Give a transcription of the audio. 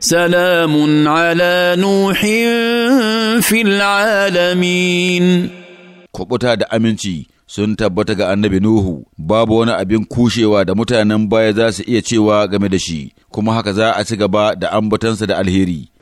سلام على نوح في العالمين kubuta da aminci sun tabbata ga annabi Nuhu babu wani abin kushewa da mutanen baya za su iya cewa game da shi kuma haka za a ci gaba da ambatansa da alheri